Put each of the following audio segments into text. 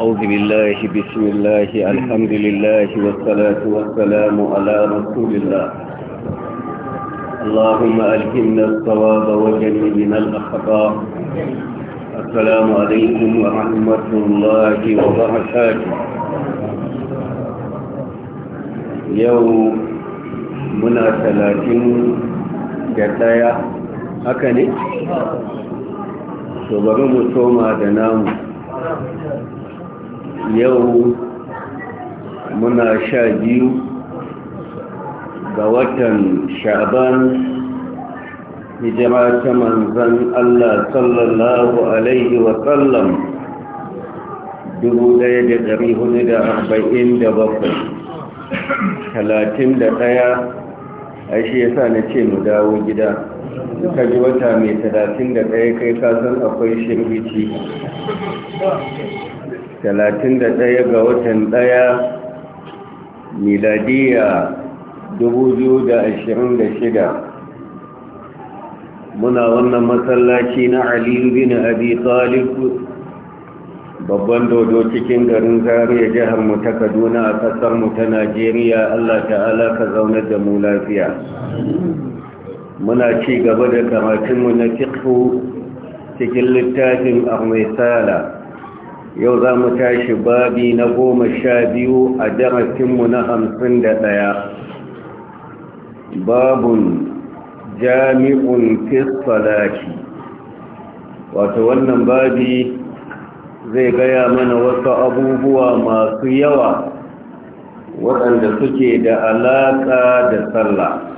أعوذ بالله بسم الله الحمد لله والصلاة والسلام على رسول الله اللهم ألهمنا الصواب وجنبنا الأخطاء السلام عليكم ورحمة الله وبركاته يوم منا ثلاثين جتايا أكني to bari mu toma da namu yau muna sha biyu ga watan sha'ban hijira ta manzan Allah sallallahu alaihi wa sallam 1447 31 a shi sa na ce mu dawo gida ka ji wata mai talatin da ɗaya kai kasan akwai shirbici talatin da ɗaya ga watan ɗaya miladiya shida. muna wannan masallaci na aliyu bin abi talib babban dodo cikin garin zariya jihar mu ta kaduna a kasarmu ta najeriya allah ta'ala ka zaunar da mu lafiya muna ci gaba da karatunmu na fiqhu cikin littafin armisala yau za mu tashi babi na goma sha biyu a darasinmu na hamsin da ɗaya babun jami'un fisfalaki wato wannan babi zai gaya mana wasu abubuwa masu yawa waɗanda suke da alaƙa da sallah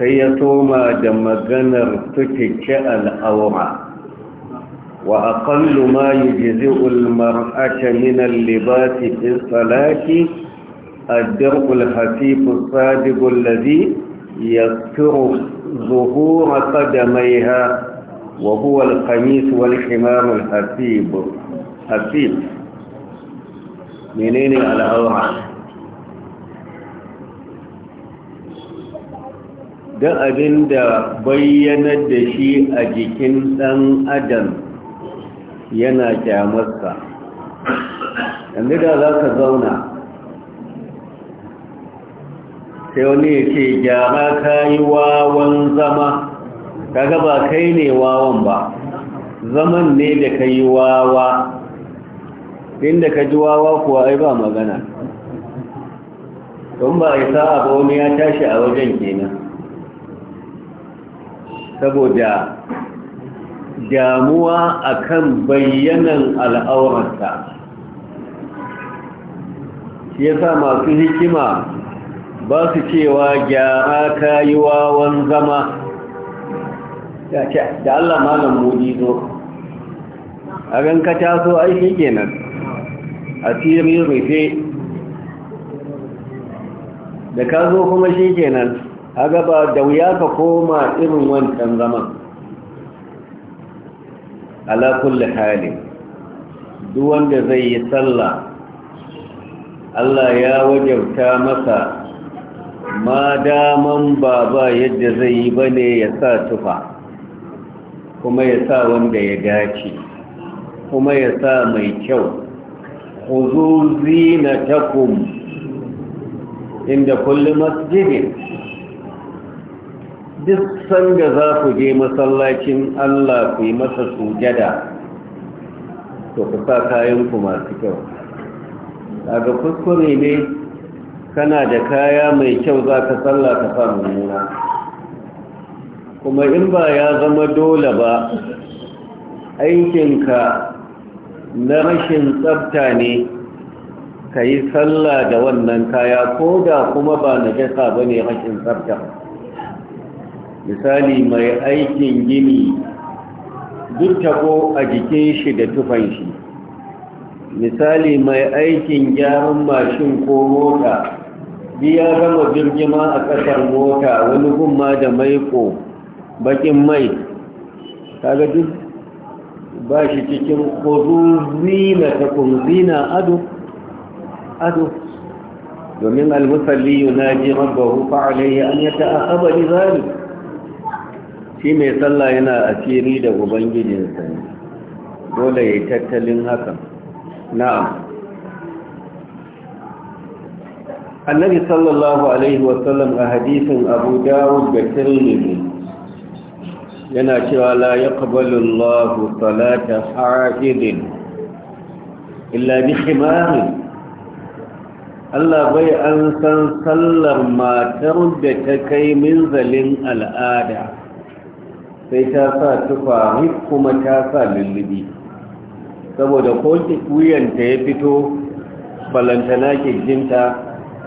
sai ya soma da maganar fitike al'aura wa aqallu ma yujzi'u al-mar'ata min al-libasi fi salati ad-dar'u al-hasif as-sadiq alladhi yaskuru zuhura qadamayha وهو القميص والحمار الحسيب حسيب منين على أورع don abin da bayyanar da shi a jikin ɗan adam yana kyamarsa yanzu da za ka zauna sai wani ya ce gyara ka yi wawan zama kaga ba kai ne wawan ba zaman ne da ka yi wawa inda ka ji wawa kuwa ai ba magana don ba a abu wani ya tashi a wajen kenan saboda damuwa akan bayyanan al'auransa, shi yasa masu hikima ba su cewa gyara kayi zama da Allah malam mudi zo a ranka taso aiki kenan A asiri rufe da ka zo kuma shi kenan haga ba da wuya ka koma irin wancan zaman ala kulli hali duk wanda zai yi sallah Allah ya wajabta masa ma daman ba yadda zai yi bane ya sa tufa kuma ya sa wanda ya dace kuma ya sa mai kyau khuzu takum inda kulli masjidin duk sanda za ku je masallacin Allah ku yi masa sujada to ku sa kayanku masu kyau daga kuskure ne kana da kaya mai kyau za ka sallah ka sa mummuna kuma in ba ya zama dole ba aikinka na rashin tsabta ne ka yi sallah da wannan kaya ko da kuma ba na jasa ba ne rashin tsabta misali mai aikin gini duk tabo a jikin shi da tufan shi misali mai aikin gyaran mashin ko mota biya gama birgima a ƙasar mota wani gumma da maiko bakin mai kaga duk ba shi cikin kudu na ta kunzina ado ado domin almusalli yunaji rabbahu fa alayhi an yata'aqaba li shi mai sallah yana asiri da ubangijinsa ne dole ya tattalin hakan na'am annabi sallallahu alaihi wasallam a hadisin abu dawud da tirmidhi yana cewa la yaqbalu Allahu salata ha'idin illa bi khimari Allah bai an san sallar matar da ta kai minzalin al'ada sai ta sa tufafi kuma ta sa lullubi saboda ko wuyanta ya fito balantana kirjinta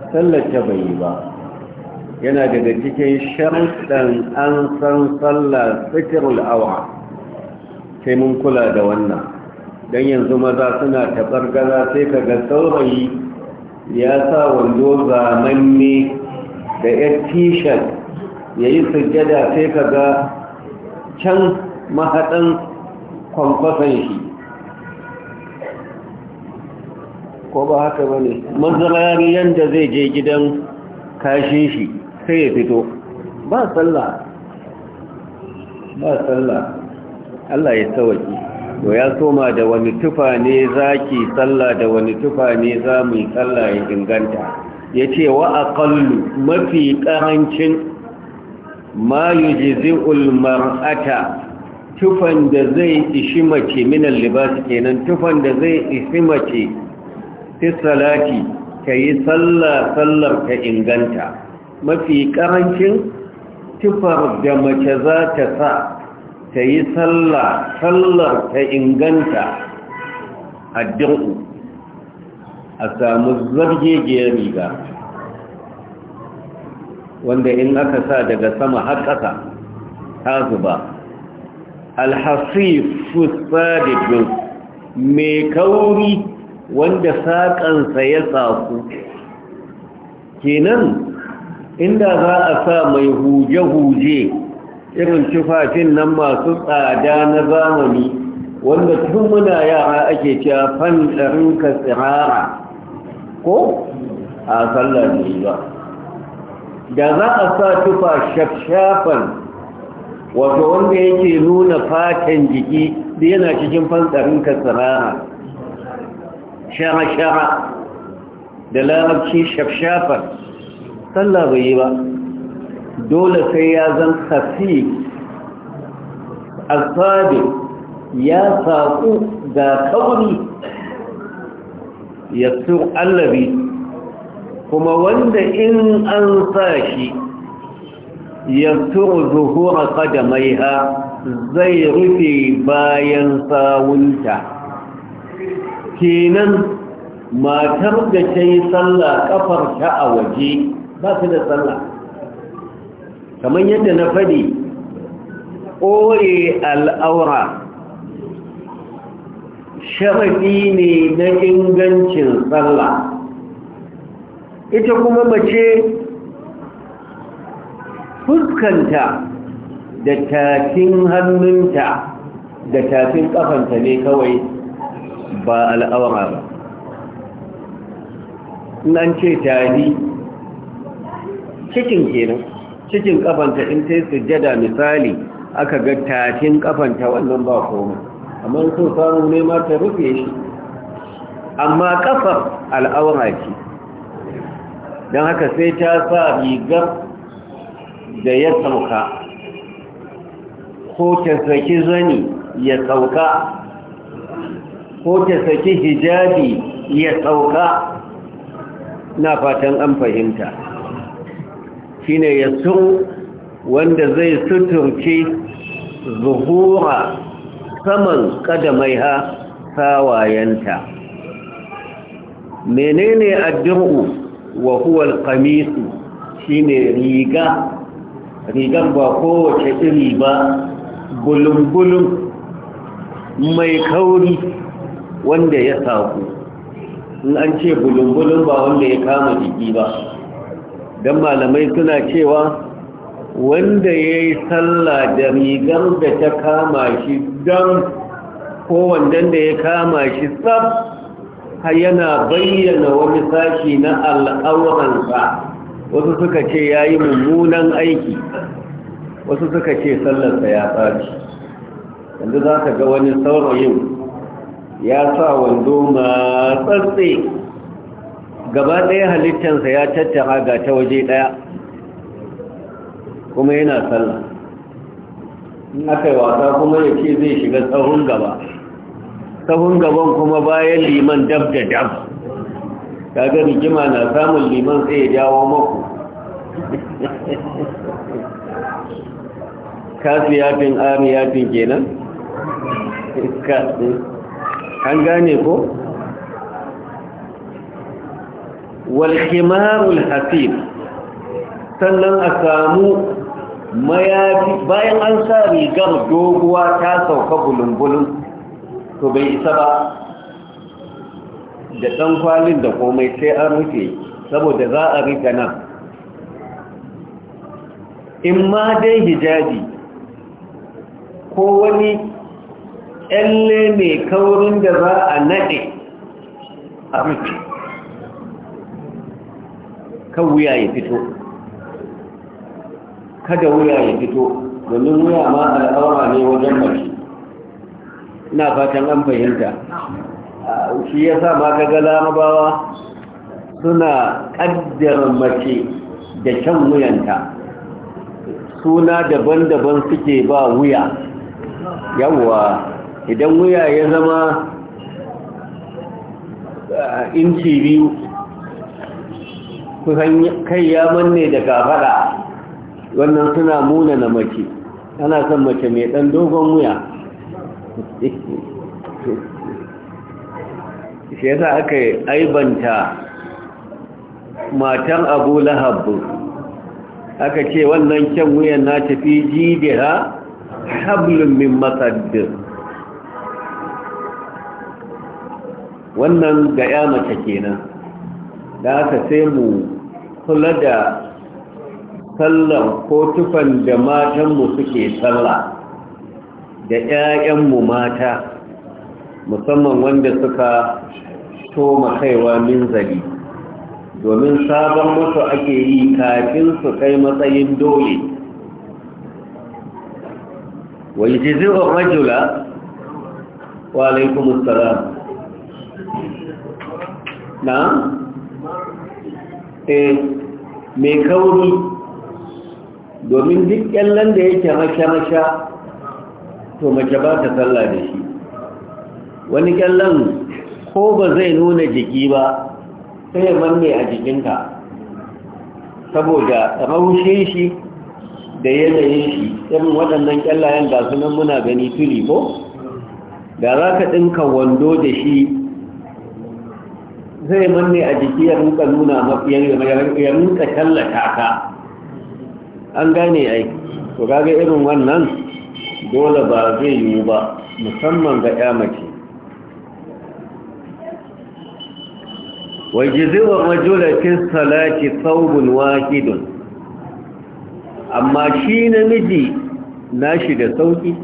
sallata bai yi ba yana daga cikin sharuɗan an san sallah sikirul awa sai mun kula da wannan don yanzu maza suna taɓargaza sai kaga saurayi ya sa wando zamanni da ya t-shirt ya yi sujjada sai kaga. can mahaɗan kwamfasan shi ko ba haka ba ne mazalari yadda zai je gidan kashin shi sai ya fito ba sallah ba sallah Allah ya tsawaki to ya soma da wani tufa ne za ki sallah da wani tufa ne za mu yi sallah ya inganta ya ce wa aƙallu mafi ƙarancin ma ulmar ata tufan da zai ishi mace minan libas kenan tufan da zai ishi mace fi salati ta yi sallah sallar ta inganta mafi karancin tufar da mace za ta sa ta yi sallah sallar ta inganta dinku a samu zargegiyar riga wanda in aka sa daga sama har ƙasa ta zuba alhasifu sadidun mai kauri wanda saƙansa ya saku kenan inda za a sa mai huje-huje irin tufafin nan masu tsada na zamani wanda tun muna yara ake cewa fan ɗarin ka tsirara ko a sallar ne ba da za a sa tufa shafshafan wato wanda yake nuna fatan jiki da yana cikin fansarin kasaraha shara-shara da larabci shafshafan Sallar bai yi ba dole sai ya zan hafi alfabe ya saƙo ga kauri ya su allabi kuma wanda in an sa shi ya turu zuhura qadamaiha zai rufe bayan sawunta kenan matar da ta yi sallah kafar ta a waje ba su da sallah kamar yadda na faɗi ƙore al'aura sharaɗi ne na ingancin sallah ita kuma mace fuskanta da tafin hannunta da tafin kafanta ne kawai ba al'awara ba nan ce tari cikin kenan cikin kafanta in ta yi sujjada misali aka ga tafin kafanta wannan ba komai amma so samu ne ma ta rufe shi amma kafar al'awara ce don haka sai ta sa rigar da ya sauka ko ta saki zani ya sauka ko ta saki hijabi ya sauka na fatan an fahimta Shi ne ya sun wanda zai suturce zuhura saman kadamaiha sawayenta menene addu'u wa huwal qamisu shine riga rigan ba kowace iri ba bulum mai kauri wanda ya saku in an ce bulum ba wanda ya kama jiki ba don malamai suna cewa wanda ya yi sallah da rigar da ta kama shi don ko wanda ya kama shi tsab har yana bayyana wani sashi na al'auransa wasu suka ce ya yi mummunan aiki wasu suka ce sallarsa ya tsaci yanzu za ka ga wani saurayin ya sa wando matsatse gaba ɗaya halittarsa ya tattara ga ta waje ɗaya kuma yana sallah aka yi wasa kuma ya ce zai shiga tsawon gaba sahun gaban kuma bayan liman dab da dab kaga rigima na samun liman sai ya jawo maku Kasu ya ariyafin kenan an gane ko walhimarul hasib sannan a samu mayafi bayan an sa rigar doguwa ta sauka bulungulun to bai isa ba da ɗan kwalin da komai sai an rufe saboda za a rika nan in ma dai hijabi ko wani ƙyalle mai kaurin da za a naɗe a rufe kan wuya ya fito kada wuya ya fito domin wuya ma al'aura ne wajen mace na fatan an fahimta shi ya sa ma kaga larabawa suna ƙaddara mace da can wuyanta suna daban-daban suke ba wuya yawwa idan wuya ya zama eh, inci biyu kusan kai ya manne da haɗa, wannan suna muna na mace ana son mace mai ɗan dogon wuya shi yasa aka yi aibanta matan abu lahabu aka ce wannan kyan wuyan na tafi jidira hablun min matsadin wannan ga ya mace kenan da aka sai mu kula da sallar ko tufan da matanmu suke tsalla? da 'ya'yanmu mata musamman wanda suka toma kaiwa min zali domin sabon musu ake yi kafin su kai matsayin dole wa yi jizin rajula wa alaikumussalam na? eh mai kauri domin duk kyallon da yake masha-masha to mace ba ta sallah da shi wani kyallon ko ba zai nuna jiki ba sai manne a jikinka saboda raushe shi da yanayin shi irin waɗannan kyallayen ga sunan muna gani tuli ko da za ka ɗinka wando da shi zai manne a jiki ya rinka nuna ya rinka tallata ka an gane aiki. to gaga irin wannan dole ba zai yi ba musamman ga ya mace wajiziwar majalatin salati saubun wahidun amma shi namiji nashi da sauki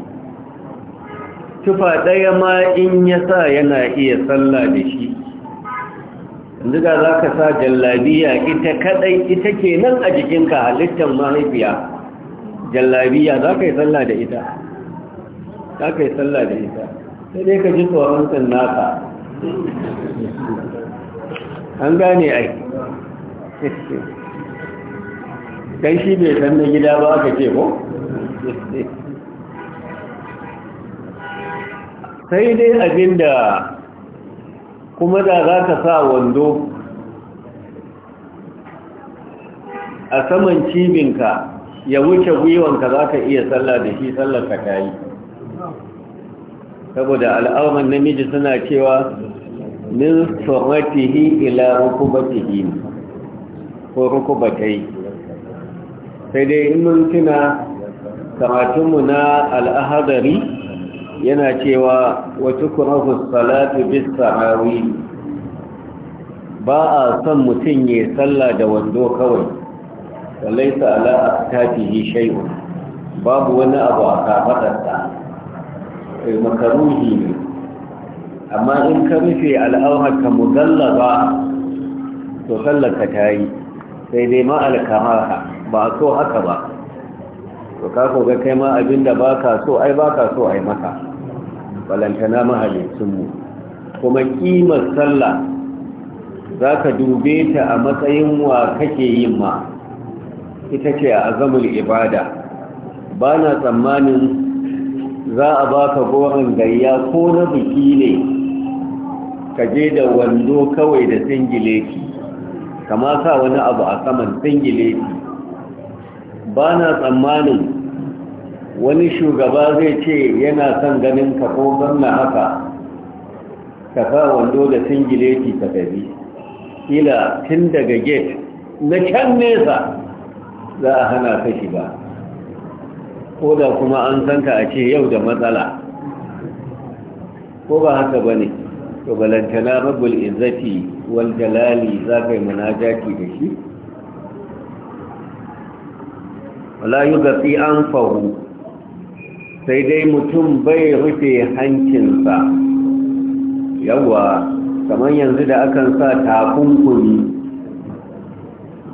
tufa ɗaya ma in ya sa yana iya tsalla da shi ziga za ka sa jallabiya ita kadai ita ke nan a jikinka halittar mahaifiya jallabiya za ka yi tsalla da ita za ka yi sallah da ita sai dai ka ji tsoron kan naka an gane ai kai shi bai san na gida ba aka ce ko sai dai abinda kuma da za ka sa wando a saman cibinka ya wuce gwiwanka za ka iya sallah da shi sallar ka ta yi saboda al'auran namiji suna cewa min suratihi ila rukubatihi ko rukubatai sai dai in mun tuna karatunmu na al'ahadari yana cewa wata kurafus salatu bisa sarawi ba a son mutum ya salla da wando kawai kallai ala a tafihi shaiwa babu wani abu a kafaɗarsa Eh, makaruhi ne amma in ka rufe al'aurarka mugallaba to sallarka ta yi sai dai ma alkamara ba so haka ba to ka koga kai ma abinda ba ka so ai ba ka so ai maka balantana mahalicinmu kuma kimar sallah za ka dube ta a matsayin wa kake yin ma ita ce a azamul ibada ba na tsammanin za a ba ka goron gayya ko na biki ne ka je da wando kawai da singileti kama sa wani abu a saman singileti ba na tsammanin wani shugaba zai ce yana son ganin ka ko na haka ka sa wando da singileti ka gabi ila tun daga gate na can nesa za a hana ka shiga ko da kuma an san ka a ce yau da matsala ko ba haka ba ne to balantana rabul izzati wal jalali za ka yi munajati da shi wala yi gafi an fahu sai dai mutum bai rufe hancinsa yawa kamar yanzu da akan sa takunkumi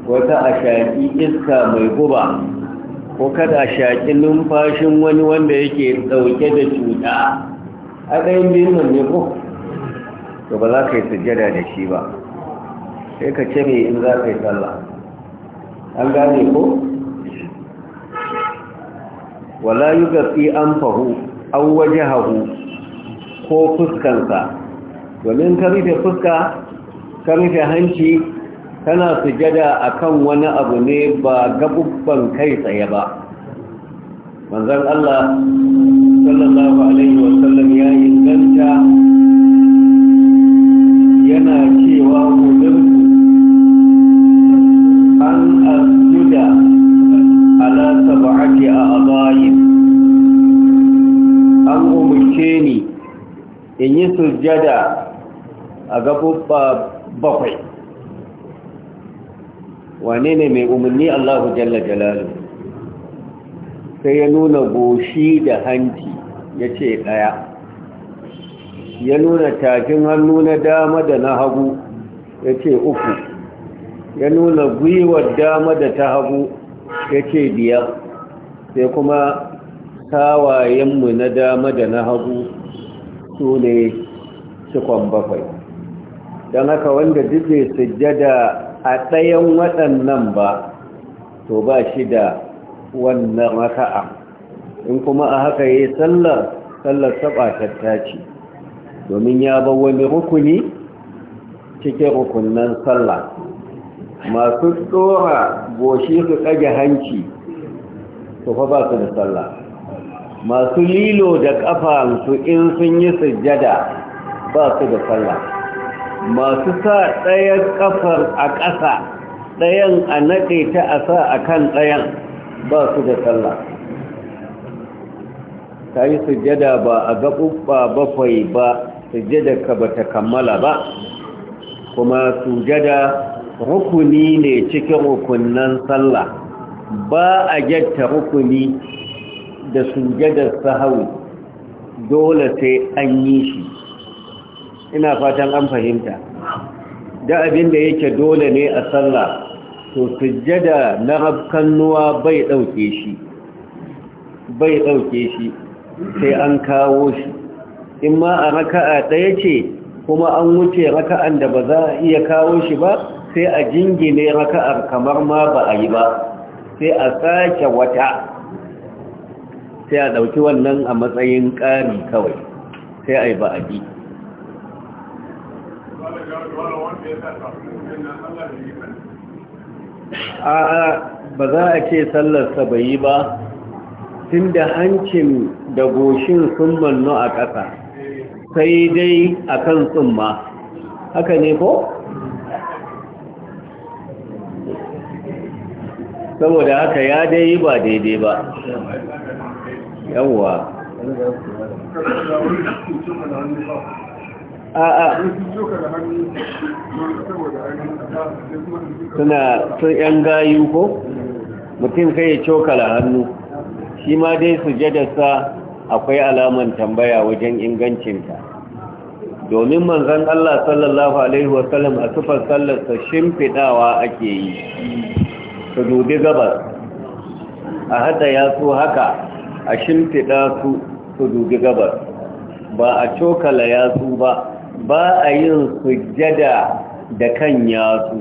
wata a shaƙi iska mai guba ko kada a shaƙi numfashin wani wanda yake ɗauke da cuta a ɗayan birnin nan ne ko to ba za ka yi sujjada da shi ba sai ka ce mai in za ka yi sallah an gane ko wala yi gafi an fahu an waje hahu ko fuskansa domin ka rufe fuska ka rufe hanci kana sujada akan wani abu ne ba gabubban kai tsaye ba manzan Allah sallallahu alaihi wasallam ya yi inganta yana cewa kudurku an asjuda ala sab'ati a'dhayin an umurce ni in yi sujada a gabubba bakwai wane ne mai umarni Allahu jalla jalalu sai ya nuna goshi da hanci ya ce ɗaya ya nuna tafin hannu na dama da na hagu ya ce uku ya nuna gwiwar dama da ta hagu ya ce biyar sai kuma kawayenmu na dama da na hagu su ne cikon bakwai don haka wanda duk zai sujjada a ɗayan waɗannan ba to ba shi da wannan raka'a in kuma a haka yi sallar sallar ta ce domin ya ba wani rukuni cikin rukunan sallah masu tsora goshi su hanci to fa ba su da sallah masu lilo da su in sun yi sujjada ba su da sallah masu sa ɗayan ƙafar a ƙasa ɗayan a naɗe ta a sa a kan ɗayan ba su da sallah ta yi sujjada ba a gaɓuɓɓa bakwai ba sujjada ka ba ta kammala ba kuma sujjada rukuni ne cikin rukunan sallah ba a jatta rukuni da sujjadar sahawi dole sai an yi shi ina fatan an fahimta da abin da yake dole ne a sallah to sujjada na rabkannuwa bai ɗauke shi bai ɗauke shi sai an kawo shi in ma a raka'a ɗaya ce kuma an wuce raka'an da ba za a iya kawo shi ba sai a jingine raka'ar kamar ma ba a yi ba sai a sake wata sai a ɗauki wannan a matsayin ƙari kawai sai a yi ba'adi a'a ba za a ce sallarsa bai yi ba tun da hancin da goshin sun manno a ƙasa sai dai a kan tsumma haka ne ko? saboda haka ya dai yi ba daidai ba yawwa a'a suna sun yan gayu ko mutum kai ya cokala hannu shi ma dai sujadarsa akwai alaman tambaya wajen ingancinta domin manzan Allah sallallahu Alaihi wasallam a sufar sallarsa shimfidawa ake yi su dubi gabas a hada yatsu haka a shimfida su su dubi gabas ba a cokala yatsu ba ba a yin sujjada da kan yatsu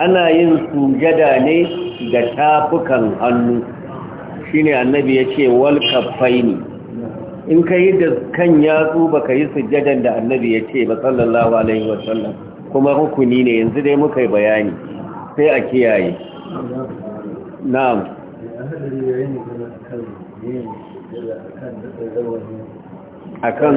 ana yin sujjada ne da tafukan hannu shine annabi ya ce wal kaffaini in ka yi da kan yatsu ba ka yi sujjadan da annabi ya ce ba sallallahu alaihi wasallam kuma rukuni ne yanzu dai muka yi bayani sai a kiyaye na'am akan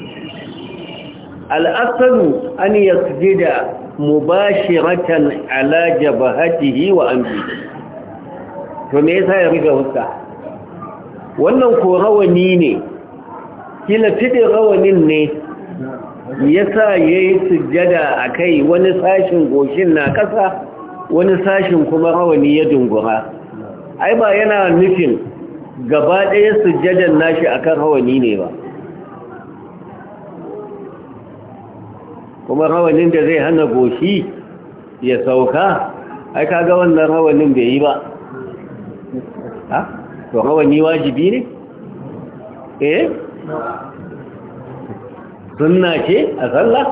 al'asalu an yasjida mubashiratan ala jabhatihi wa amri to me sa ya riga wuta wannan ko rawani ne kila tidin rawanin ne yasa yayi sujjada akai wani sashin goshin na ƙasa, wani sashin kuma rawani ya dungura ai ba yana nufin gaba ɗaya sujadan nashi akan rawani ne ba kuma rawanin da zai hana goshi ya sauka ai kaga wannan rawanin bai yi ba ha to rawani wajibi ne eh sunna ce a sallah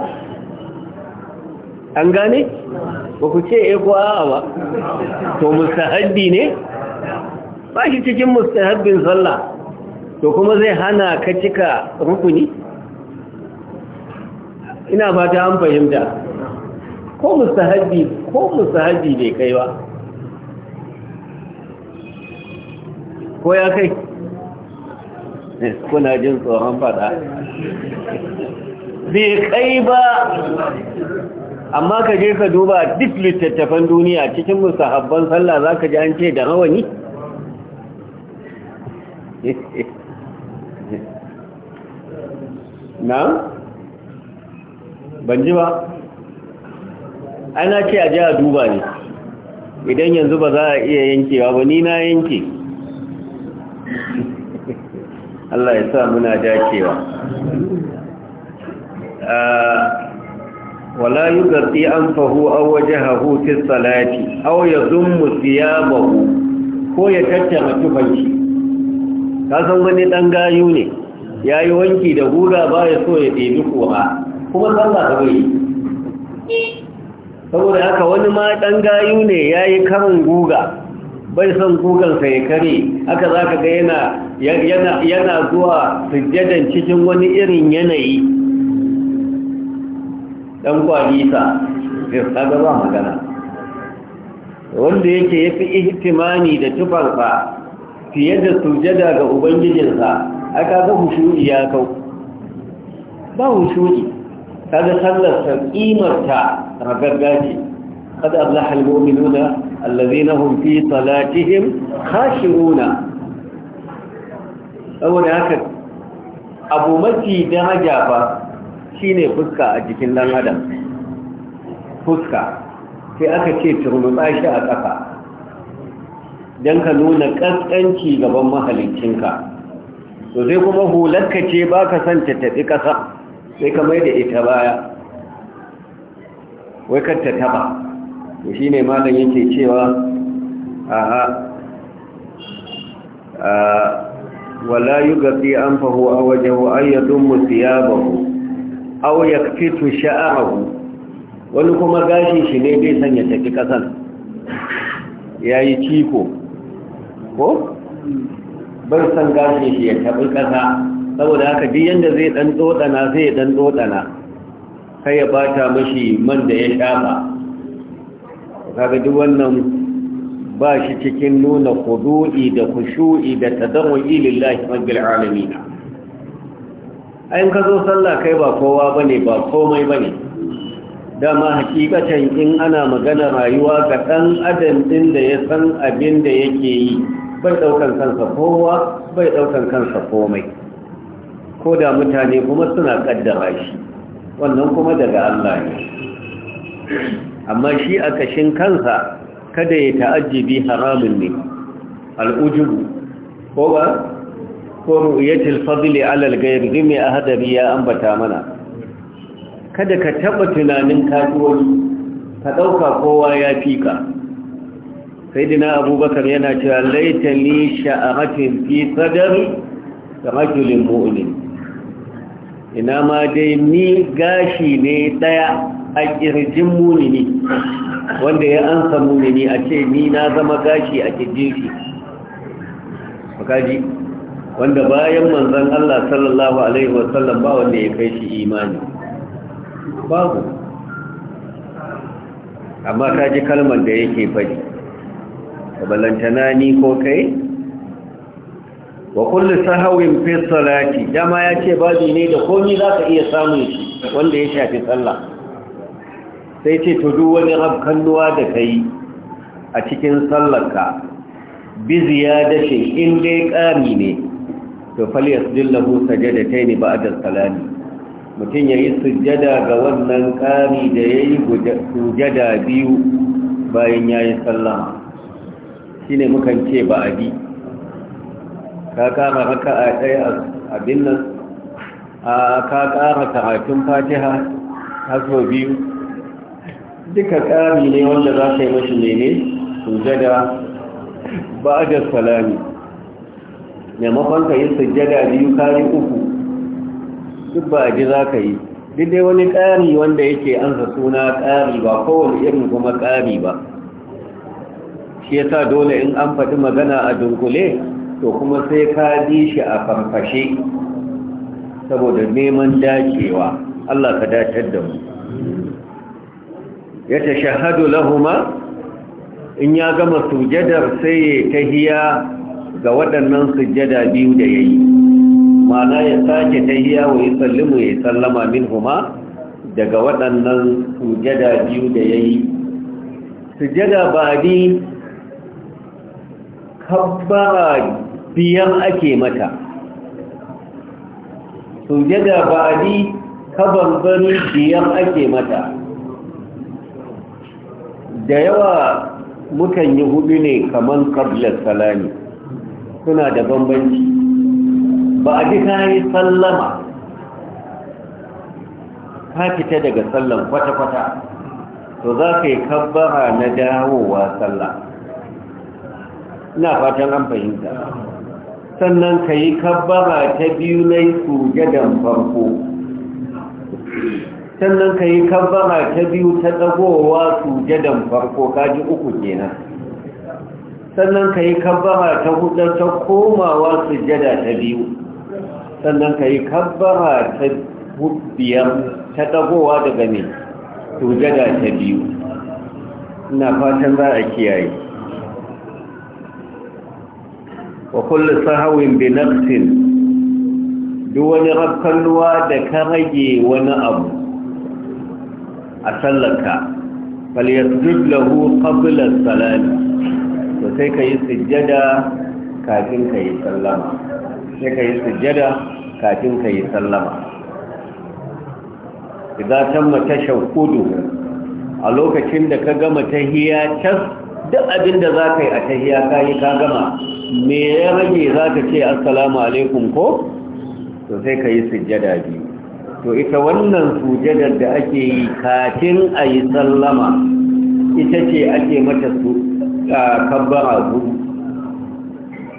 an gane ba ku ce eh ko a'a ba to mustahabbi ne ba shi cikin mustahabbin sallah to kuma zai hana ka cika rukuni ina fata an fahimta ko Haji. ko Haji bai kai ba ko ya kai eh, kuna jin tsoron fada bai kai ba amma ka je ka duba duk littattafan duniya cikin musahabban sallah za ka ji an ce da rawani na? ban ji ba ana ce a ji a duba ne idan yanzu ba za a iya yankewa ba ni na yanke Allah ya sa muna dacewa wala yi zarti an fahu an waje hahu fi au ya zummu ko ya tattara tufanci ka san wani ɗan gayu ne ya yi wanki da hura ba ya so ya ɗebi kuwa kuma sallah ta bai saboda haka wani ma dan gayu ne yayi karin guga bai son gugansa ya kare haka za ka ga yana yana zuwa sujjadan cikin wani irin yanayi dan kwalisa zai kaga ba magana wanda yake yafi ihtimani da tufarsa fiye da sujjada ga ubangijinsa aka ga hushu'i ya kau ba hushu'i kaga sallar sa kimarta ragaggaji qad aflaha almu'minuna alladhina hum fi salatihim khashiruna saboda haka abu mafi daraja ba shine fuska a jikin dan adam fuska sai aka ce turmutsa shi a ƙasa don ka nuna ƙasƙanci gaban mahalicinka to sai kuma hularka ce ba ka son ta tafi ƙasa sai ka mai da ita baya wai ta taba to shi ne malam yake cewa A wala yugafi anfahu aw wajhu ay yadummu thiyabahu aw yaktitu sha'ahu wani kuma gashi shi ne bai sanya tafi kasan yayi ciko ko Ban san gashi shi ya tafi kasa saboda haka duk yanda zai dan dodana zai dan dodana kai ya bata mashi man da ya shafa kaga duk wannan ba shi cikin nuna khudu'i da khushu'i da tadarru'i lillahi rabbil alamin ayin ka zo sallah kai ba kowa bane ba komai bane dama hakikatan in ana magana rayuwa ga dan adam din da ya san abin da yake yi bai daukan kansa kowa bai daukan kansa komai ko da mutane kuma suna kaddara shi wannan kuma daga Allah ne amma shi a kashin kansa kada ya ta'ajjibi haramun ne al'ujubu ko ba ko ru'yatul fadli 'ala al-ghayr gimi ahadabi ya ambata mana kada ka taba tunanin kasuwanci ka dauka kowa ya fika sayyidina abubakar yana cewa laitani sha'aratin fi sadri rajulin mu'min ina ma dai ni gashi ne daya a kirjin munini wanda ya ansa munini a ce ni na zama gashi a kirjin shi makaji wanda bayan manzan Allah sallallahu Alaihi wasallam ba wanda ya kai shi imani babu amma ta ji kalmar da yake faɗi balantana ni ko kai wa kulli sahawin fi salati dama yace ce babi ne da komai zaka iya samun shi wanda ya shafi sallah sai ce to duk wani kalluwa da kai a cikin sallarka bi ziyadatin in dai kami ne to falyasjillahu sajadatayn ba'da salati mutum yayi sujjada ga wannan kami da yayi sujjada biyu bayan yayi sallah shine mukan ce ba'adi ka ƙara raka a ɗaya abin nan a ka ƙara karatun fatiha a haso biyu duka ƙari ne wanda za ka yi mashi su sujada ba a da salami maimakon ka yi sujada biyu kari uku duk ba a ji za ka yi duk dai wani ƙari wanda yake ansa suna ƙari ba kowane irin kuma ƙari ba shi ya sa dole in an faɗi magana a dunkule to kuma sai ka bi shi a farfashe saboda neman dacewa Allah ka dacar da mu ya ta shahadu lahuma in ya gama sujadar sai ya tahiya ga waɗannan sujada biyu da ya yi mana ya sake tahiya wa yi sallimu ya sallama min huma daga waɗannan sujada biyu da ya yi sujada ba ni kabbara biyar ake mata sujada ba'adi kabarbari biyar ake mata da yawa mukan yi hudu ne kamar kablar salami suna da bambanci ba'adi ka yi sallama ka fita daga sallan kwata-kwata to za ka yi kabbara na dawowa sallah ina fatan an fahimta sannan ka yi kabbara ta biyu na yi sujadan farko sannan ka yi kabbara ta biyu ta tsagowa sujadan farko kaji uku kenan sannan ka yi kabbara ta hudu ta komawa sujada ta biyu sannan ka yi kabbara ta biyar ta tsagowa daga mai sujada ta biyu ina fatan za a kiyaye wa kullu sahawin bi duk wani rafkanuwa da ka rage wani abu a sallarka falyasjud lahu qabla as to sai kai sujjada kafin kai sallama sai kai sujjada kafin kai sallama idza mata tashahhudu a lokacin da ka gama tahiyya tas duk abinda za ka yi a tahiyya ka yi ka gama me ya rage za ka ce assalamu alaikum ko to sai ka yi sujjada biyu to ita wannan sujjadar da ake yi kafin a yi sallama ita ce ake mata su kabbara hudu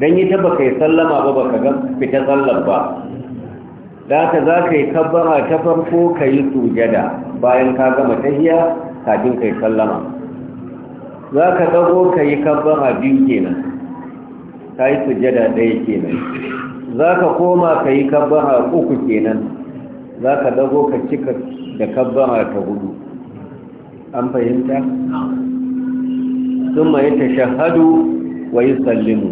don yi ta kai yi sallama ba ba ka ga fita sallar ba da ka za ka yi kabbara ta farko ka yi sujjada bayan ka gama tahiya kafin ka yi sallama za ka ɗago ka yi kabbara biyu kenan ka yi sujada ɗaya kenan za ka koma ka yi kabbara uku kenan za ka dago ka cika da kabbara ta hudu an fahimta? sun mai ta shahadu wa yi sallimu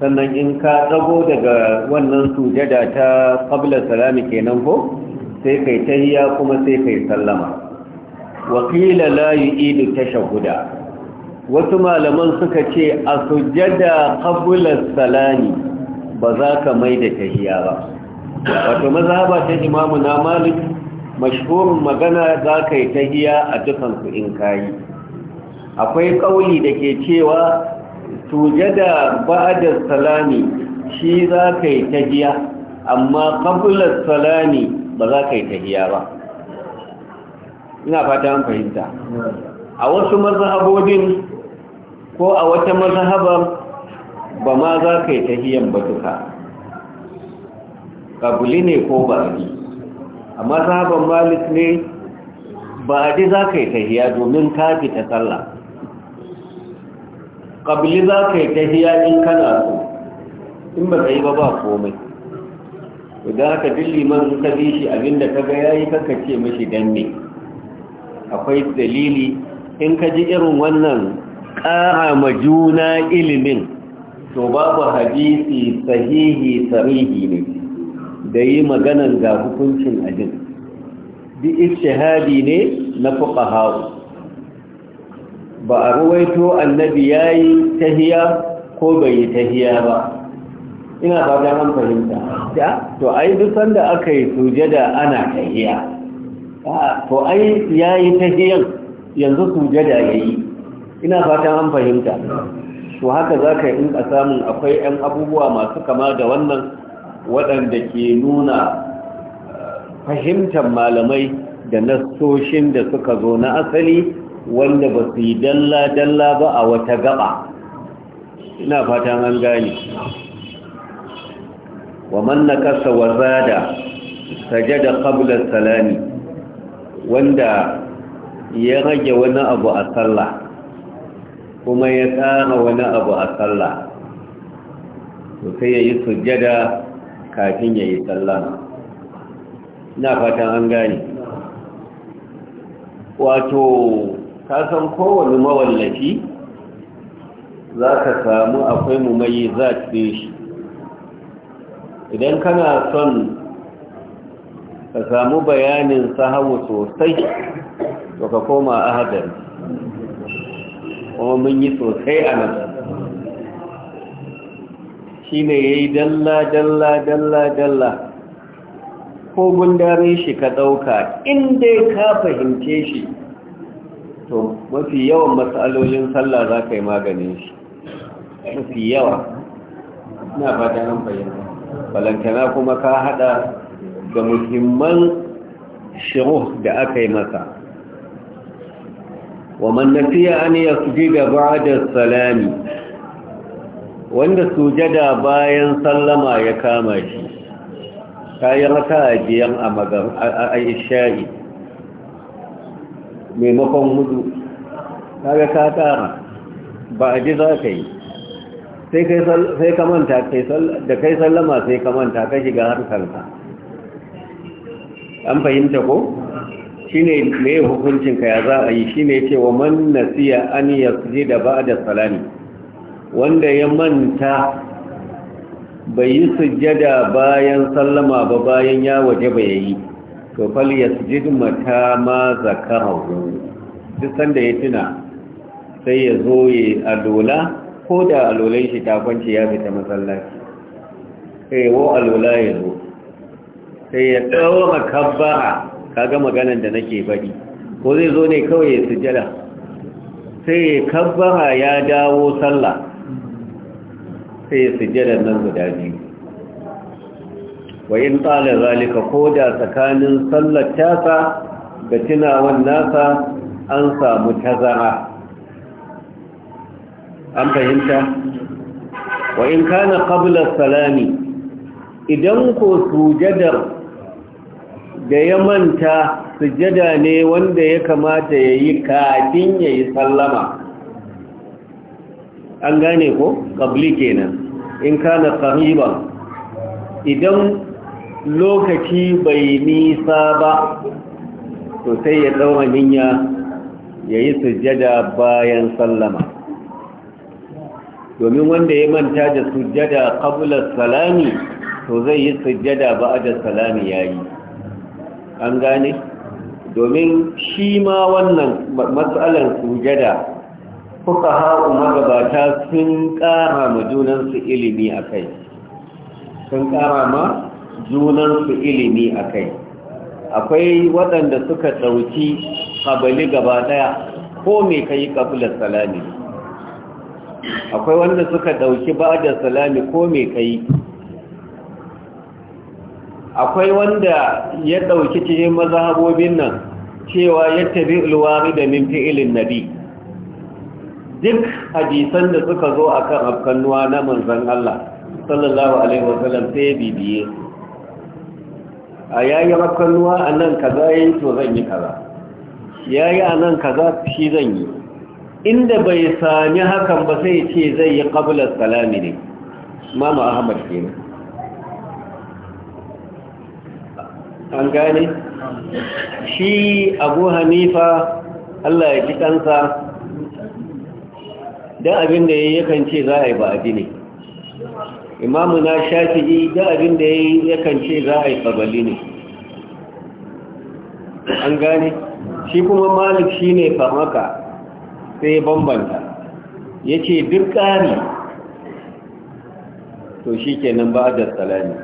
sannan in ka dago daga wannan sujada ta ƙabla salami kenan ko sai kai tahiya kuma sai kai sallama wakila la yi idu ta wasu malaman suka ce a sujjada kabular salami ba za ka mai da tahiyya ba wato mazhaba ta imamu na malik mashhurin magana za ka yi tahiya a dukansu in kayi akwai kauli da ke cewa sujada ba'da salami shi za ka yi tahiya amma qabla Salani, ba za ka yi tahiya ba ina fata an fahimta a wasu mazhabodin ko a wata mazhaba ba ma za ka yi tahiyan ba duka kabuli ne ko ba'adi a mazhabar malik ne ba a ji za ka yi tahiya domin ka ta sallah kabuli za ka yi tahiya in kana su, in ba ka yi ba ba komai idan haka duk liman ka bi shi abinda ka ga yi kanka ce mashi danne akwai dalili in ka ji irin wannan ƙara ma juna ilimin to babu hadisi sahihi sahihi ne da yi maganan ga hukuncin abin bi ishihadi ne na fuka ba a ruwaito annabi ya yi tahiya ko bai yi tahiya ba ina ga an fahimta da to ai duk sanda aka yi sujada ana tahiya to ai ya yi tahiyan yanzu sujada ya yi ina fatan an fahimta to haka za ka yi a samun akwai 'yan abubuwa masu kama da wannan waɗanda ke nuna eh, fahimtar malamai da nasoshin da suka zo na asali wanda ba su yi dalla-dalla ba a wata gaba ina fatan an gane wa man nakasa wa zada sajada qabla salami wanda ya rage wani abu a sallah kuma ya tsara wani abu a sallah to sai ya yi sujjada kafin ya yi Sallah, ina fatan an gane wato kasan kowane mawallafi za ka samu akwai mai za shi idan kana son ka samu bayanin sahawu sosai to ka koma ahadari kuma mun yi sosai a nan shi ne ya yi dalla dalla dalla dalla ko gundarin shi ka ɗauka inda ka fahimce shi to mafi yawan matsalolin sallah za ka yi maganin shi mafi yawa na fata nan fahimta balantana kuma ka haɗa ga muhimman shiru da aka yi masa ومن نسي أن يسجد بعد السلام wanda sujada bayan sallama ya kama shi ta raka a a maimakon kaga ka tara ba a ji za ka yi sai da kai sallama sai ka manta ka shiga ka. an fahimta ko? shine me hukuncin ka ya za a yi shine ce wa man nasiya an yasjida da salami wanda ya manta bai yi sujjada bayan sallama ba bayan ya waje ba yayi to fal yasjid mata ma zakarahu duk sanda ya tuna sai ya zo ya alola ko da alolai shi ta kwance ya fita masallaci sai wo alola ya zo sai ya tsawo makabbara kaga maganan da nake bari ko zai zo ne kawai ya sujjada sai ya kabbara ya dawo sallah sai ya sujjada nan guda biyu wa in tsala zalika ko da tsakanin sallar tasa da tunawan nasa an samu tazara an fahimta wa kana qabla salami idan ko sujadar da ya manta sujada ne wanda ya kamata ya yi kafin ya yi sallama an gane ko ƙabli kenan in kana ƙariban idan lokaci bai nisa ba to sai ya ɗaura niyya ya yi sujada bayan sallama domin wanda ya manta da sujjada ƙabular salami to zai yi sujada ba a da salami ya yi an gane domin shi ma wannan matsalar sujada kuka ha'u magabata sun ƙara ma junansu ilimi a kai sun ƙara ma junansu ilimi a kai akwai waɗanda suka ɗauki ƙabali gaba ɗaya ko me ka ƙabular salami akwai wanda suka ɗauki ba da salami ko mai ka akwai wanda ya ɗauki cikin mazhabobin nan cewa ya tabi ulwari da min fi'ilin nabi duk hadisan da suka zo a kan afkannuwa na manzon Allah sallallahu alaihi wasallam sai ya bibiye su a yayi afkannuwa a nan kaza yayi yi to zan yi kaza yayi a nan kaza shi zan yi inda bai sani hakan ba sai ce zai yi qabla salami ne mama ahmad kenan an gane shi abu hanifa allah ya ji ɗansa don abin da ya yi yakan ce za a yi ba'adi ne imamu na shafi'i don abin da ya yi yakan ce za a yi fabali ne an gane shi kuma malik shi ne famaka sai bambanta ya ce duk ƙari to shi kenan ba da salami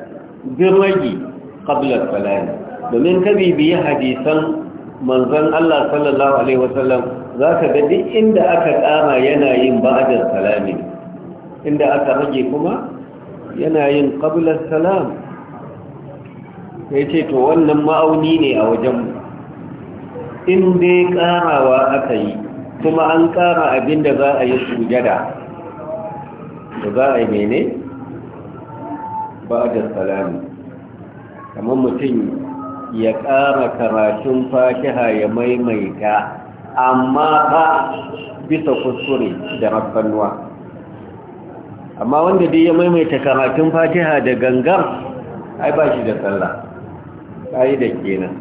duk ragi qabla salami domin ka bibiyi hadisan manzan Allah sallallahu alaihi wasallam zaka ga duk inda aka kama yana yin ba'da salami inda aka rage kuma yana yin qabla salam ce to wannan ma'auni ne a wajen in dai karawa aka yi kuma an kara abinda za a yi sujada da za a yi mene ba salami kamar mutum ya ƙara karatun fatiha ya maimaita amma ba bisa kuskure da rabbanuwa amma wanda dai ya maimaita karatun fatiha da gangar ai ba shi da sallah ai da kenan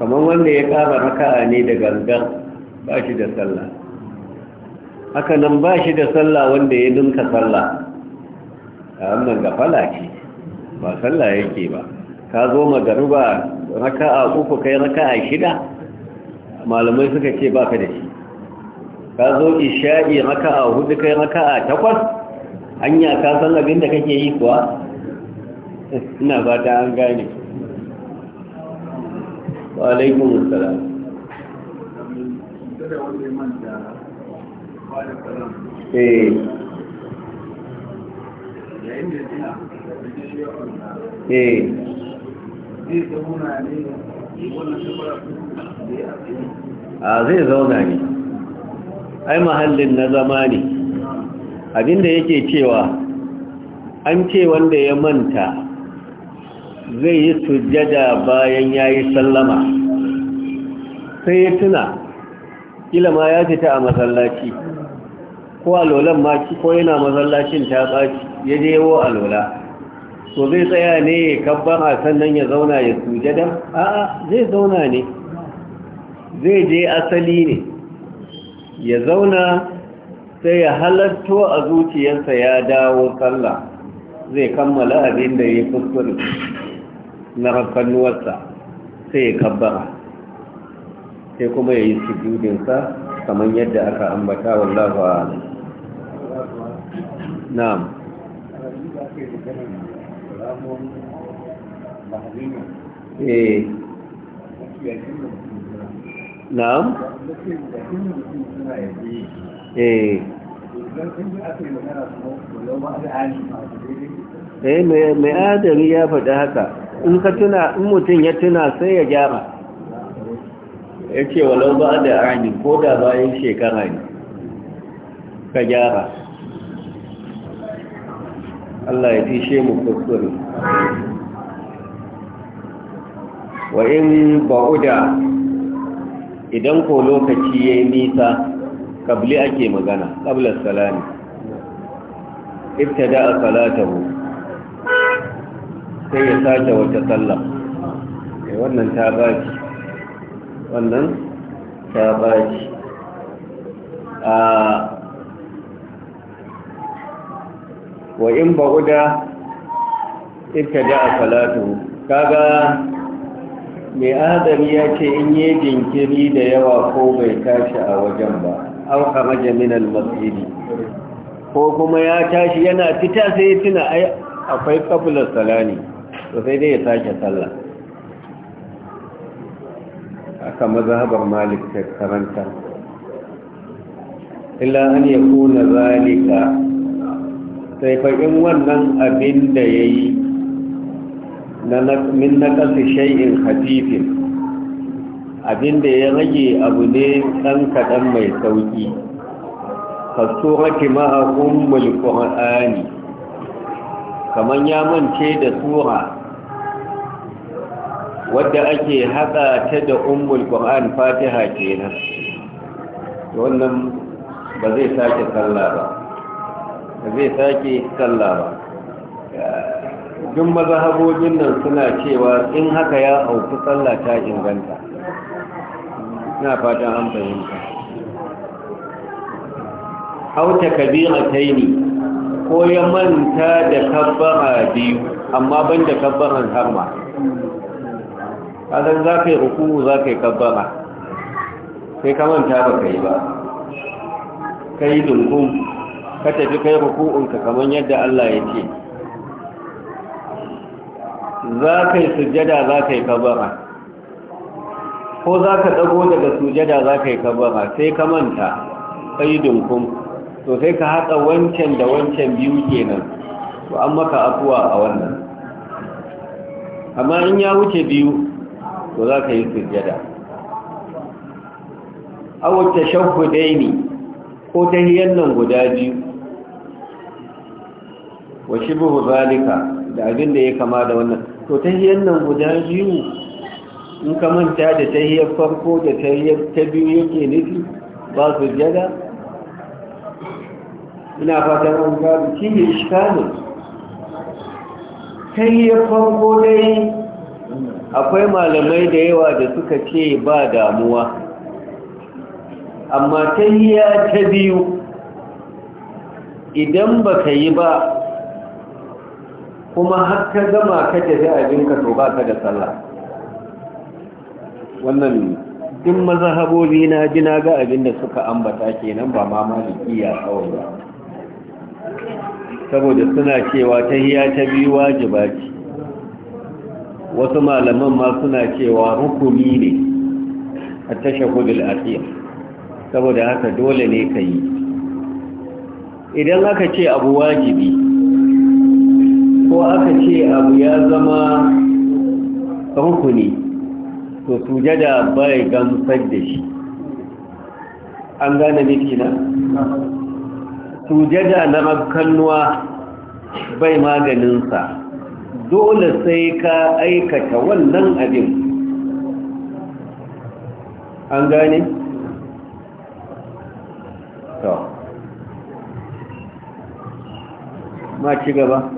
kamar wanda ya ƙara raka'a ne da gangar ba shi da sallah haka nan ba shi da sallah wanda ya dinka sallah a wannan gafala ce ba sallah yake ba ka zo magaruba raka'a uku kai raka'a shida malamai suka ce baka da shi ka zo isha'i raka'a hudu kai raka'a takwas hanya ka san abin da kake yi kuwa ina ta an gane wa alaikum assalam eh eh a zai zauna ne ai mahallin na zama ne abinda yake cewa an ce wanda ya manta zai yi sujjada bayan ya yi sallama sai ya tuna kila ma ya fita a masallaci ko alolan maki ko yana masallacin ta ɓaci ya je a alola so zai tsaya ne ya kabbara sannan ya zauna ya sujada a'a zai zauna ne zai je asali ne ya zauna sai ya halatto a zuciyarsa ya dawo sallah zai kammala abin da ya kuskure na rafannuwarsa sai ya kabbara sai kuma ya yi sujudinsa kamar yadda aka ambata wallahu na'am eh na'am eh eh mai adami ya faɗa haka in ka tuna in mutum ya tuna sai ya gyara ya ce walau ba da ani ko da bayan shekara ne ka gyara Allah ya tishe mu kuskure wa in ba'uda idan ko lokaci ya yi nisa kabli ake magana kabla salami ibtada a salatahu sai ya sace wata sallah eh, wannan ta baci wannan ta baci a ah, wa in ba'uda ita da a salatu kaga mai adam ya ce in yi jinkiri da yawa ko bai tashi a wajen ba an kama jaminan masiri ko kuma ya tashi yana fita sai tuna akwai kabular salani to sai dai ya sake sallah aka mazhabar malik ta karanta illa an kuna zalika sai fa wannan abin da ya yi min na kasu shai'in abin da ya rage abu ne ɗan kaɗan mai sauƙi ma ma'akun mulkur'ani kamar ya mance da tura, wadda ake haɗa ta da ummul qur'an fatiha kenan wannan ba zai sake sallah ba zai sake sallah ba duk mazhabobin nan suna cewa in haka ya auku sallah ta inganta ina fatan an fahimta ta kabira taini ko ya manta da kabbara biyu amma ban da kabbaran harma kadan za ka yi ruku za ka kabbara sai ka manta ba ka yi ba ka yi dunkun ka tafi kai ruku'unka kamar yadda Allah ya ce za ka yi sujada za ka yi kabara ko za ka ɗago daga sujada za ka yi kabara sai ka manta sai dunkun to sai ka haɗa wancan da wancan biyu kenan to an maka afuwa a wannan amma in ya wuce biyu to za ka yi sujada. sujjada dai ni, ko ta hiyan nan guda biyu wa shibuhu zalika da abin da ya kama da wannan to tahiyyar nan guda biyu in ka manta da tahiyyar farko da tahiyyar ta biyu yake nufi ba su jada ina fatan an gabi shi ne Ta tahiyyar farko dai akwai malamai da yawa da suka ce ba damuwa amma tahiyya ta biyu idan ba ka yi ba kuma har ka gama ka tafi abinka to ba ka da sallah wannan duk mazhabobi na ji na ga abin da suka ambata kenan ba ma malikiya kawai ba saboda suna cewa ta hiya ta biyu wajiba ce wasu malaman ma suna cewa rukuni ne a tashahudul akhir saboda haka dole ne ka yi idan aka ce abu wajibi ko aka ce abu ya zama rukuni to sujada bai gamsar da shi an gane miki na sujada na makannuwa bai maganinsa dole sai ka aikata wannan abin an gane? to ma ci gaba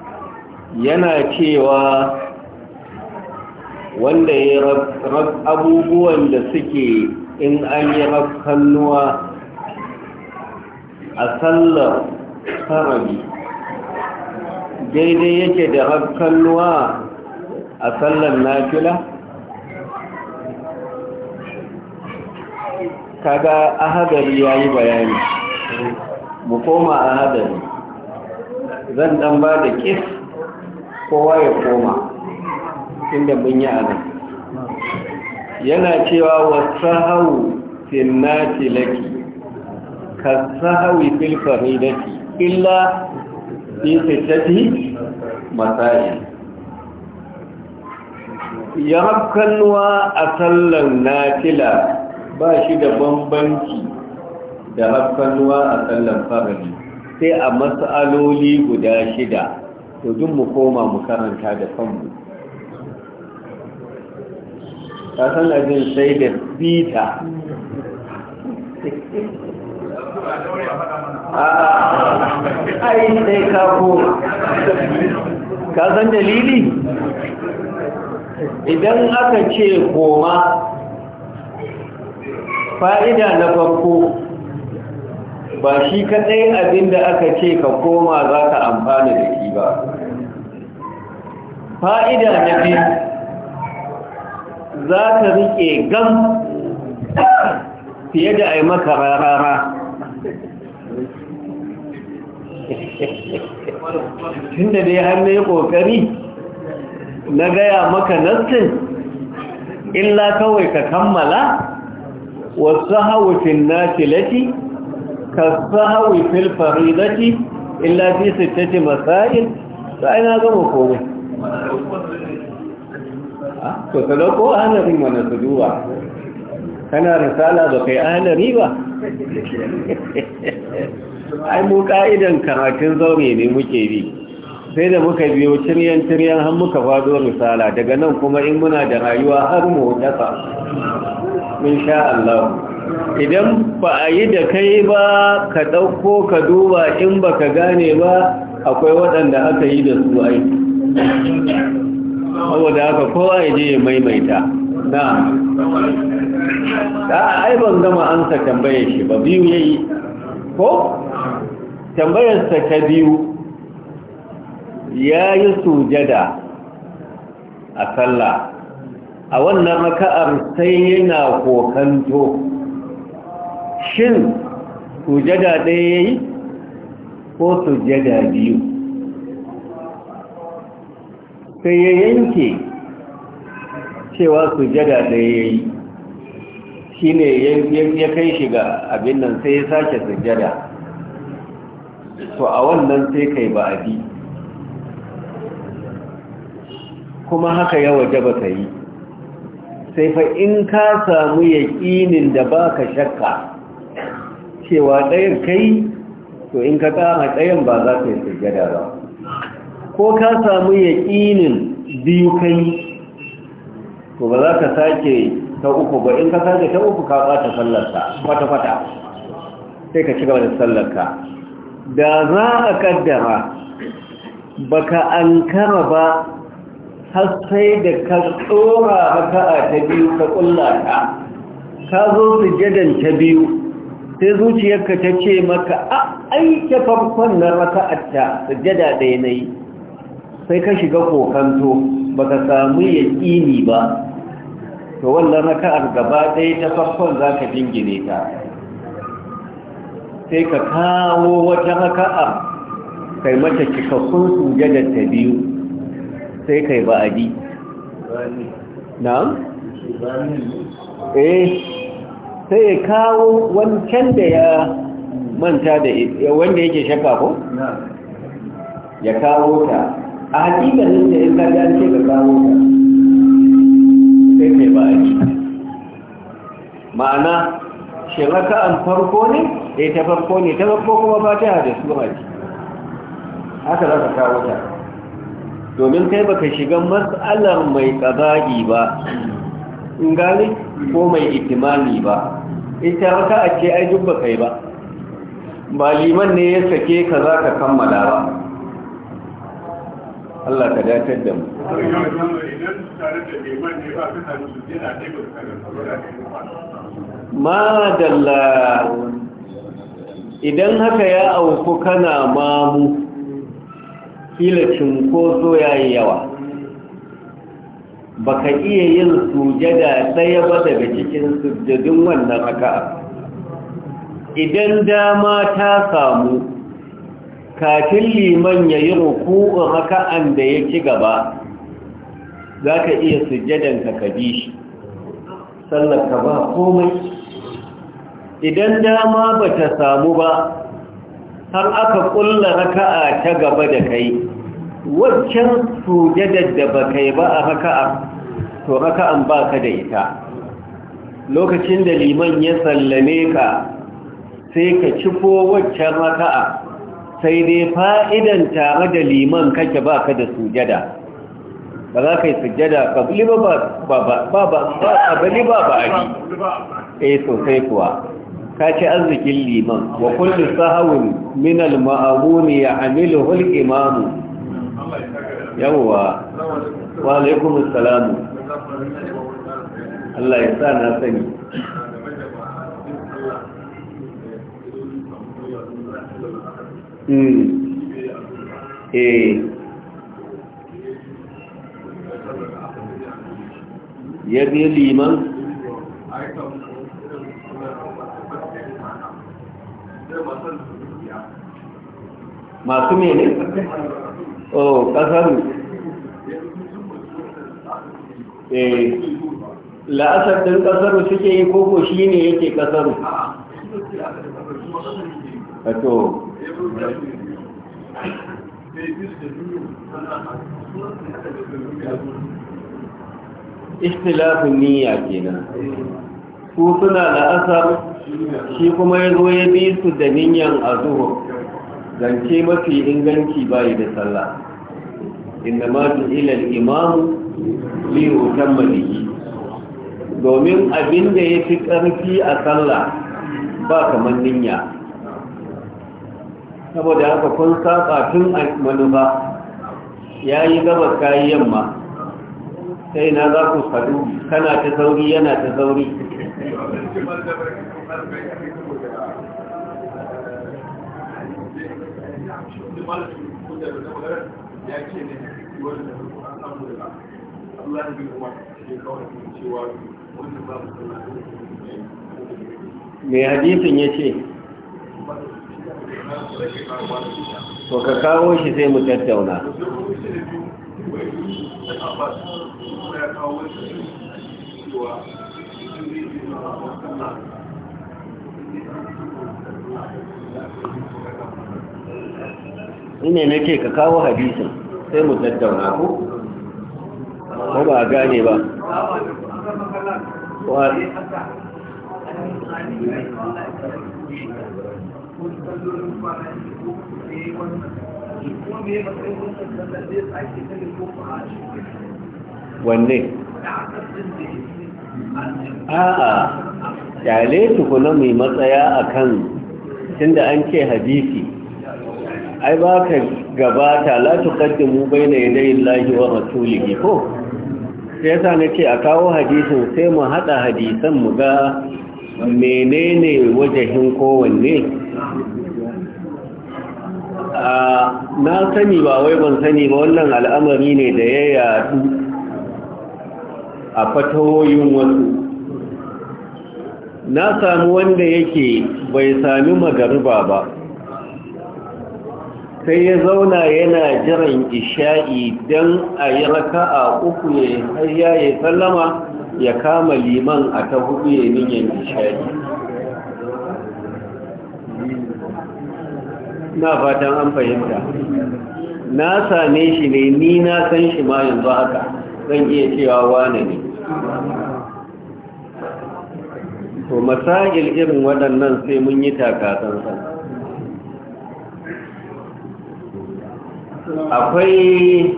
yana cewa wanda ya rab abubuwan da suke in an yi rab hannuwa a sallar farabi daidai yake da rab hannuwa a sallar nafila kaga ahadari ya yi bayani mu koma ahadari zan dan ba da kif kowa ya koma inda mun yi anan yana cewa wasa hau sinnati laki ka sahawi fil faridati illa fi tafi masail ya rafkanwa a sallan natila ba shi da bambanci da rafkanwa a sallan farari sai a matsaloli guda shida to duk mu koma mu karanta da kanmu ka san abin sai da bita ah, ai sai ka koma ka san dalili idan aka ce koma fa'ida na farko ba shi kadai abinda aka ce ka koma za ka amfana da shi ba fa'ida na fi za ka rike gam fiye da a yi maka rarara tunda dai har ƙoƙari na gaya maka nassin illa kawai ka kammala wasu hawafin na filati kasawi fil faridati illa fi sittati masail sai na gama komai to sadako ahlari mana su duba kana risala ba kai ahlari ba ai mu ka'idan karatun zaure ne muke bi sai da muka biyo ciryan-ciryan har muka fado risala daga nan kuma in muna da rayuwa har mu wutasa in sha Allah idan ba a yi da kai ba ka ɗauko ka duba in ba ka gane ba akwai waɗanda aka yi da su ai saboda haka kowa ya je maimaita na ta ban gama an sa tambayar shi ba biyu ya yi ko tambayarsa ta biyu ya yi sujada a sallah a wannan maka'ar sai yana kokanto shin sujada ɗaya ya yi ko sujada biyu sai ya yanke cewa sujada ɗaya ya yi shi ne ya kai shiga abin nan sai ya sake sujada to a wannan sai kai ba a bi kuma haka ya waje ba ta yi sai fa in ka samu yaƙinin da ba ka shakka cewa ɗayan kai to in ka ƙara ɗayan ba za ka yi sujjada ba ko ka samu yaƙinin biyu kai to ba za ka sake ta uku ba in ka sake ta uku ka ɓata sallarka kwata-kwata sai ka ci gaba da sallarka da za a ba ka an kama ba har sai da ka tsora raka'a ta biyu ka ƙulla ta ka zo sujadan ta biyu sai zuciyarka ta ce maka a aike farkon na a ta sujjada da yanayi sai ka shiga kokanto ka samu yaƙini ba to wannan raka'ar gaba ɗaya ta farkon za ka jingine ta sai ka kawo wata raka'a kai mata cikakkun sujjadar ta biyu sai kai ba'adi na? eh sai ya kawo wancan da ya manta da wanda yake shaka ko ya kawo ta a hakikalin da ya kaga ce ga kawo ta sai kai ba a ce ma'ana shi an farko ne ya eh, ta farko ne ta farko kuma ba fatiha da ba ce haka za ka kawo ta domin kai baka shiga matsalar mai tsazagi ba in gane ko mai itimali ba ita raka ake ai duk ba kai ba ba liman ne ya sake ka za ka kammala ba Allah ka datar da mu madalla idan haka ya auku kana mamu kila ko ya yi yawa baka iya yin sujada daya ba daga cikin sujadun wannan haka idan dama ta samu kafin liman ya yi ruku'un raka'an da ya ci gaba za ka iya sujadan ka kabi shi sannan ka ba komai idan dama ba ta samu ba har aka ƙulla raka'a ta gaba da kai waccan sujadar da ba kai ba a raka'a to raka'an ba ka da ita lokacin da liman ya sallame ka sai ka cifo waccan raka'a sai dai fa'idan tare da liman kake ba ka da sujada ba za ka yi sujada ba ba ba ba ba ba ba ba eh sosai kuwa ka ci arzikin liman wa kullum sahawun minal al-ma'amuni ya amilu hul imamu yawwa wa alaikum salam. Allah ya sa na sani hmm. eh ya ne liman masu mene oh kasaru eh la'asar din kasaru suke yi koko shi ne yake kasaru ato istilafin niyya kenan su suna la'asar shi kuma ya zo ya bi su da niyyan a zance mafi inganci bayi da sallah inda ma ilar imamu liyu maliki domin abin da ya fi ƙarfi a sallah ba kamar ninya saboda haka kun saba tun a manufa ya yi gaba kayi yamma sai na za ku sadu kana ta sauri yana ta sauri da ne hadisin ya ce to ka kawo shi sai mu tattauna ne na ke ka kawo hadisin sai mu tattauna ku ko ba gane ba wanne a'a kyale tukuna mai matsaya akan tunda an ce hadisi ai ba ka gabata la tuqaddimu baina yaday Allahi wa rasulihi ko sai yasa ce a kawo hadisin sai mu haɗa hadisan mu ga menene wajahin kowanne a na sani ba wai ban sani ba wannan al'amari ne da ya yadu a fatawoyin wasu na sami wanda yake bai sami magariba ba sai ya zauna yana jiran isha'i don a yi raka'a uku ne har ya yi sallama ya kama liman a ta hudu ya niyan isha'i na fatan an fahimta na same shi ne ni na san shi ma yanzu haka zan iya cewa wane ne to masa'il irin waɗannan sai mun yi takasansa akwai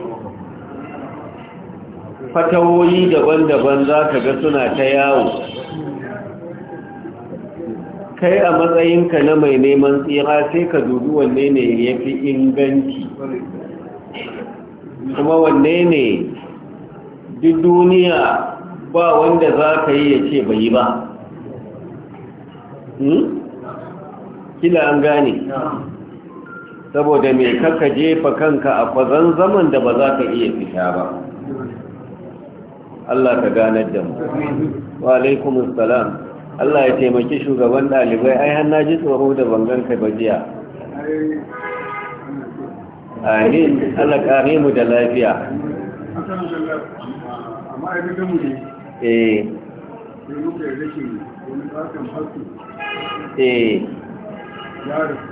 fatawoyi daban-daban za ka ga suna ta yawo kai a matsayinka na mai neman tsira sai ka dubi wanne ne ya fi inganci kuma wanne ne duk duniya ba wanda za ka yi ya ce bai ba hmm? kila an gane saboda mai kaka jefa kanka a kwazon zaman da ba za ka iya fita ba Allah ka ganar da mu wa alaikum salam Allah ya taimaki shugaban ɗalibai ai har na ji tsoro da bangan ka bajiya amin Allah kare mu da lafiya amma ai da mu eh eh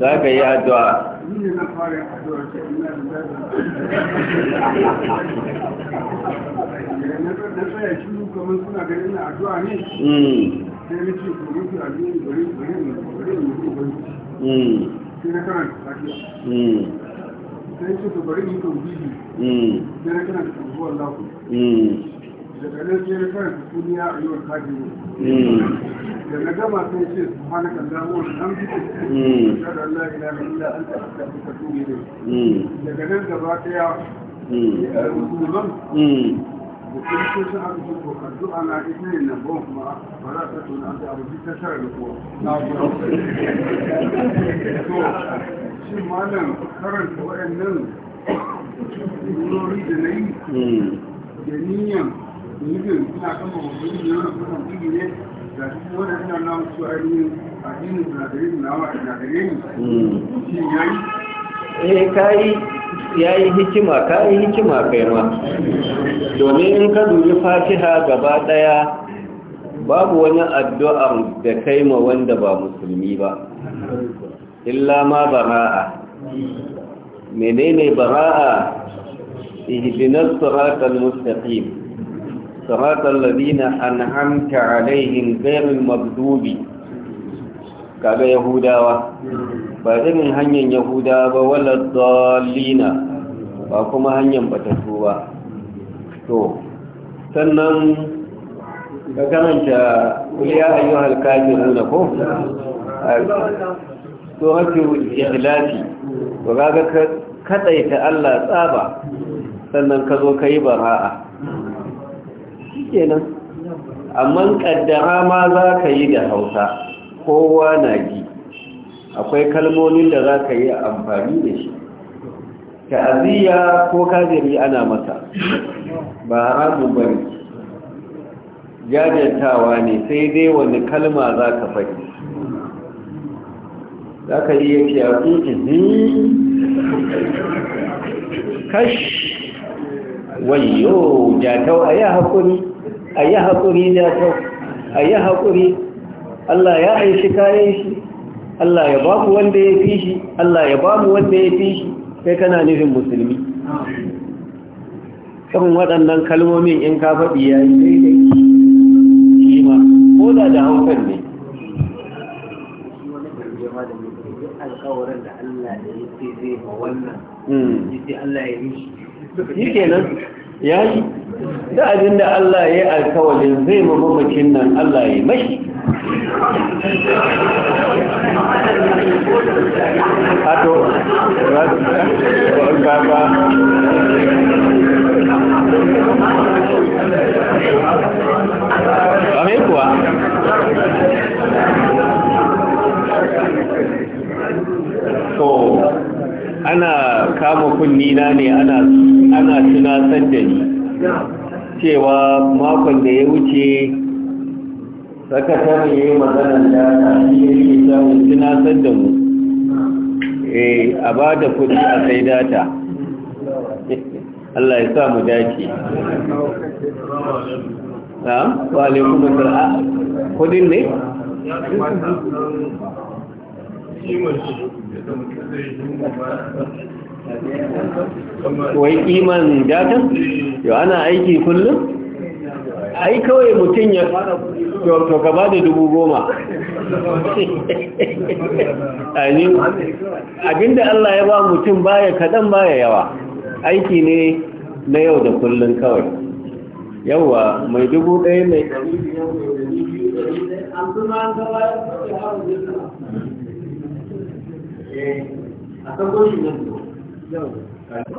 za ka yi addu'a sai ce to bari yi tauhidi sai na kana da tauhuwar lafi daga nan sai na karanta duniya a yau kajiru hmm. da na gama sai ce su hana kan damuwa da an fito da Allah ila illa an ta aka fita tuni ne daga nan gaba daya hmm. musulman hmm. da kuma sun san abin da kuka zuwa na ita ne na bon kuma ba za ta tuna da abu ta tara da kuwa na kuma to shi malam karanta waɗannan nurori da na yi da niyan E, suna kama ya yi eh kayi ya yi hikima kayi hikima ma domin in ka dubi fatiha gaba daya babu wani addu'ar da kai ma wanda ba musulmi ba illa ma bara'a menene bara'a ihdinas siratal mustaqim صراط الذين أنعمت عليهم غير المغضوب كذا يهودا ba irin hanyar yahuda ba wala dalina ba kuma hanyar ba to sannan ka karanta kuliya ayyuhal kafiruna ko to hake ikhlasi to kaga ka kadaita Allah tsaba sannan ka zo kai bara'a kenan amma kaddara ma za ka yi da hausa kowa na ji akwai kalmomin da za ka yi amfani da shi ta'aziyya ko kaziri ana mata ba haramun bari jajantawa ne sai dai wani kalma za ka faɗi za ka yi yake a kashi wayo jatau a yi haƙuri a yi haƙuri da kyau a yi haƙuri Allah ya aishi kayan shi Allah ya ba mu wanda ya fi shi Allah ya ba mu wanda ya fi shi sai kana nufin musulmi kan waɗannan kalmomin in ka faɗi ya yi daidai ma ko da da hausar ne alkawarin da Allah ya ce zai ma wannan, ya hmm. Allah ya yi, da abin da Allah ya yi alkawalin zai mamamakin nan Allah ya mashi ato kuwa so ana kama kunnina ne ana tunatar da ni cewa makon da ya wuce sakatar ya yi maganar da shi ya ke samun tunasar da mu eh, a ba da kudi a sai data Allah ya sa mu dace na wale kuma sara kudin ne? ya wai iman datan yau ana aiki kullum ai kawai mutum ya to ka ba da dubu goma abinda Allah ya ba mutum baya kaɗan baya yawa aiki ne na yau da kullum kawai yauwa mai dubu ɗaya mai ɗari biyu eh, a yau